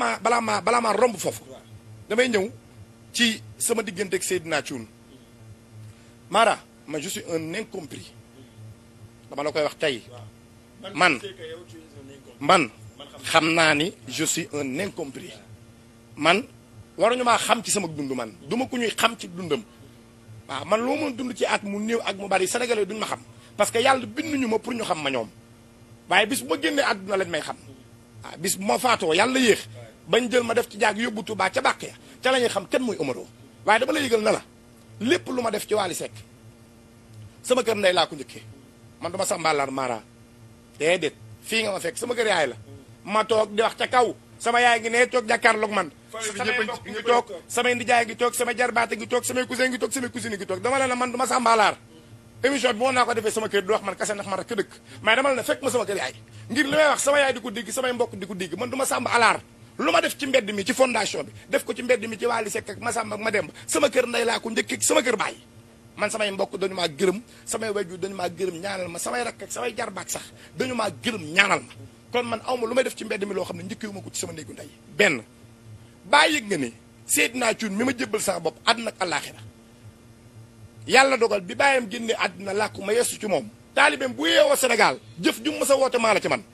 maa balaa maa balaa maa romb foofu damay ñëw ci sama diggante ak Seydina Thioune Mara ma je suis un incompris dama la koy wax tey man man xam naa ni je suis un incompris man waruñu maa xam ci sama dund man duma ku ñuy xam ci dundam waaw man loo mën dund ci at mu néew ak mu bari sénégalais duñu ma xam parce que yàlla ñu ma pour ñu xam ma ñoom waaye bis ma génnee àdduna lañ may xam bis ma faatoo yàlla yéex bañ jël ma def ci jaag yóbbu Touba ca bàq ya ca la ñuy xam kenn muy Omaro waaye dama la yëgal na la lépp lu ma def ci Wally Seck sama kër ndey laa ko njëkkee man duma sàmbaalaar maara déedéet fii nga ma fekk sama kër yaay la ma toog di wax ca kaw sama yaay ngi ne toog jàkkaarloog man samay mbokk ngi toog samay ndijaay ngi toog samay jarbaate ngi toog samay cousin ngi toog samay moo naa ko defee sama kër di wax man kase ndax man rek dëkk mais dama la ne fekk ma sama kër yaay ngir li may wax sama yaay di ko dégg samay mbokk di ko dégg man duma sàmb alaar lu ma def ci mbedd mi ci fondation bi def ko ci mbedd mi ci Wally Seck ma Massamba ak dem sama kër ndey laa ko njëkk sama kër baay man samay mbokk dañu maa gërëm samay wajju dañu maa gërëm ñaanal ma samay rakk samay jarbaak sax dañu maa gërëm ñaanal kon man awma lu may def ci mbedd mi loo xam ne njëkkewu ma ko ci sama néegu ndey benn baa yëg nga ne Seydina Cuun mi ma jébbal sama bopp àdduna ak àllaaxira yàlla dogal bi bàyyam génne àdduna làkku ma yesu ci moom taalibeem bu yeewoo senegal jëf ju mu mës a woote la ci man